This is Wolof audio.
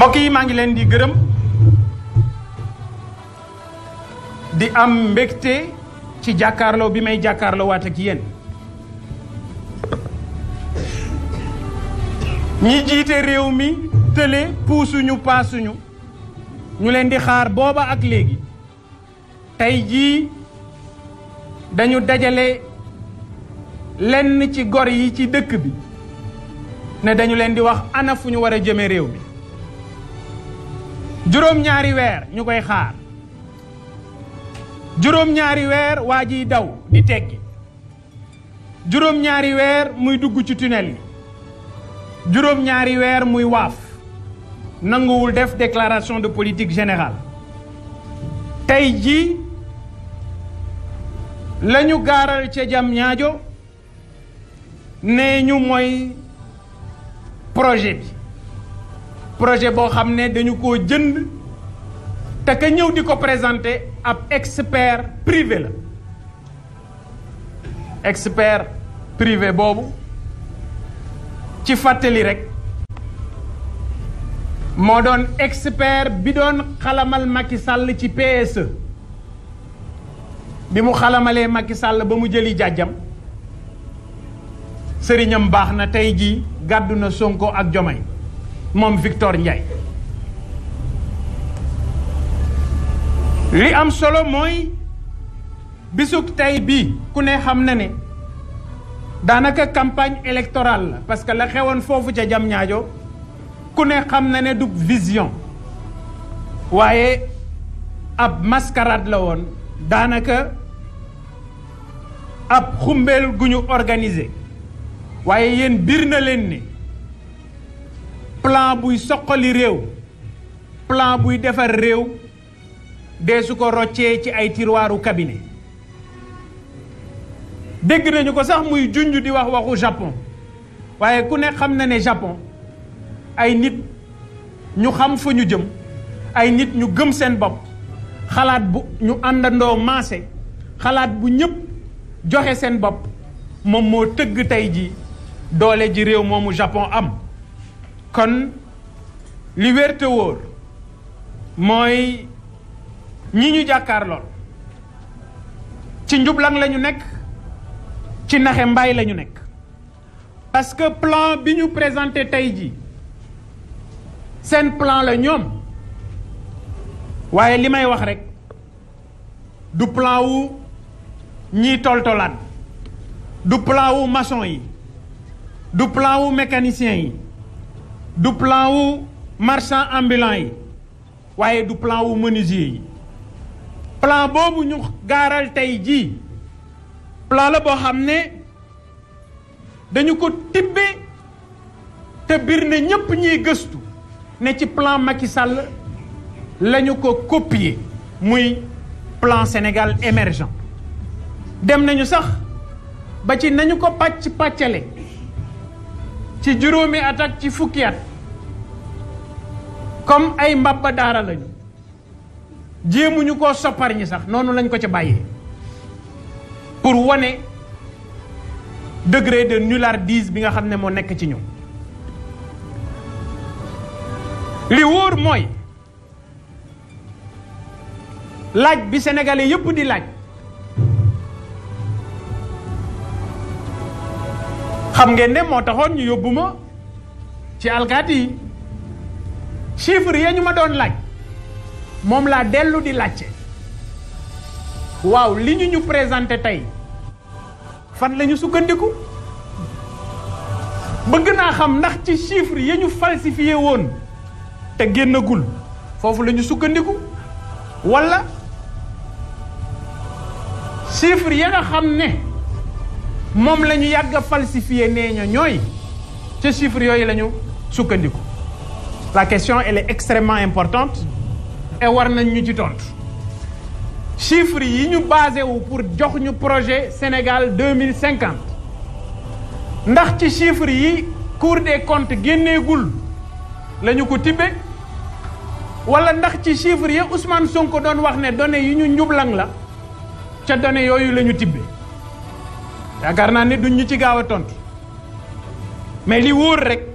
mbokk yi maa ngi leen di gërëm di am mbégte ci jàkkaarloo bi may jàkkaarloo waat ak yéen ñi jiite réew mi tële puusuñu paasuñu ñu leen di xaar booba ak léegi tey jii dañu dajale lenn ci gor yi ci dëkk bi ne dañu leen di wax ana fu ñu war a jëme réew mi juróom-ñaari weer ñu koy xaar juróom-ñaari weer waa jiy daw di tekki juróom-ñaari weer muy dugg ci tunnel yi juróom-ñaari weer muy waaf nanguwul def déclaration de politique générale tey ji lañu gaaral ca jam ñaajo nee ñu mooy projet bi projet boo xam ne dañu ko jënd te ka ñëw di ko présenter ab expert privé la expert privé boobu ci fàttali rek moo doon expert bi doon xalamal Macky sàll ci PSE bi mu xalamalee Macky sàll ba mu jëli jàjjam sëriñam baax na tey jii gàddu na Sonko ak Jomay moom Victor Ndiaye li am solo mooy bisug tey bi ku ne xam na ne daanaka campagne électorale la parce que la xewoon foofu ca jam ñaajo ku ne xam na ne du vision waaye ab mascarade la woon daanaka ab xumbeel gu ñu organisé waaye yéen biir na leen ne plan buy soqali réew plan buy defar réew dee su ko roccee ci ay tiroiru cabinet dégg nañu ko sax muy junj di wax waxu Japon waaye ku ne xam na ne Japon ay nit ñu xam fa ñu jëm ay nit ñu gëm seen bopp xalaat bu ñu àndandoo maase xalaat bu ñëpp joxe seen bopp moom moo tëgg tey ji doole ji réew moomu Japon am kon li wér te mooy ñi ñu jàkkaar lool ci njublang lañu nekk ci naxe mbaay lañu nekk parce que plan bi ñu présenté tey ji seen plan la ñoom waaye li may wax rek du plan wu ñii toltolaan du plan wu mason yi du plan wu mécanicien yi du plan wu marchand ambulant yi waaye du plan wu menuisier yi plan boobu ñu gaaral tey jii plan la boo xam ne dañu ko tibbe te biir ne ñépp ñiy gëstu ne ci plan Macky Sall la ko copier muy plan Sénégal émergent dem nañu sax ba ci nañu ko pàcc pàccale ci juróomi at ak ci fukki at comme ay mbabba daara lañu jéemuñu ko soppar ñi sax noonu lañ ko ca bàyyee pour wane degré de nullardise bi nga xam ne moo nekk ci ñu li wóor mooy laaj bi sénégalais yépp di laaj xam ngeen ne moo taxoon ñu yóbbu ma ci alkaati yi chiffre ya ñu ma doon laaj moom laa dellu di laajte waaw li ñu ñu présenté tey fan lañu sukkandiku bëgg naa xam ndax ci chiffre ya ñu falsifié woon te génnagul foofu la sukkandiku wala chiffre ya nga xam ne moom la ñu yàgg a falsifié nee ña ñooy ca chiffres yooyu la ñu sukkandiku la question elle est extrêmement importante et war nañ ñu ci tontu chiffres yi ñu basé wu pour jox ñu projet Sénégal deux mille cinquante ndax ci chiffres yi Cour des comptes génneegul lañu ñu ko tibbe wala ndax ci chiffres yi Ousmane Sonko doon wax ne données yi ñu njublang la ca données yooyu lañu ñu tibbe yaakaar naa ne duñ ñu ci gaaw a tontu mais li wóor rek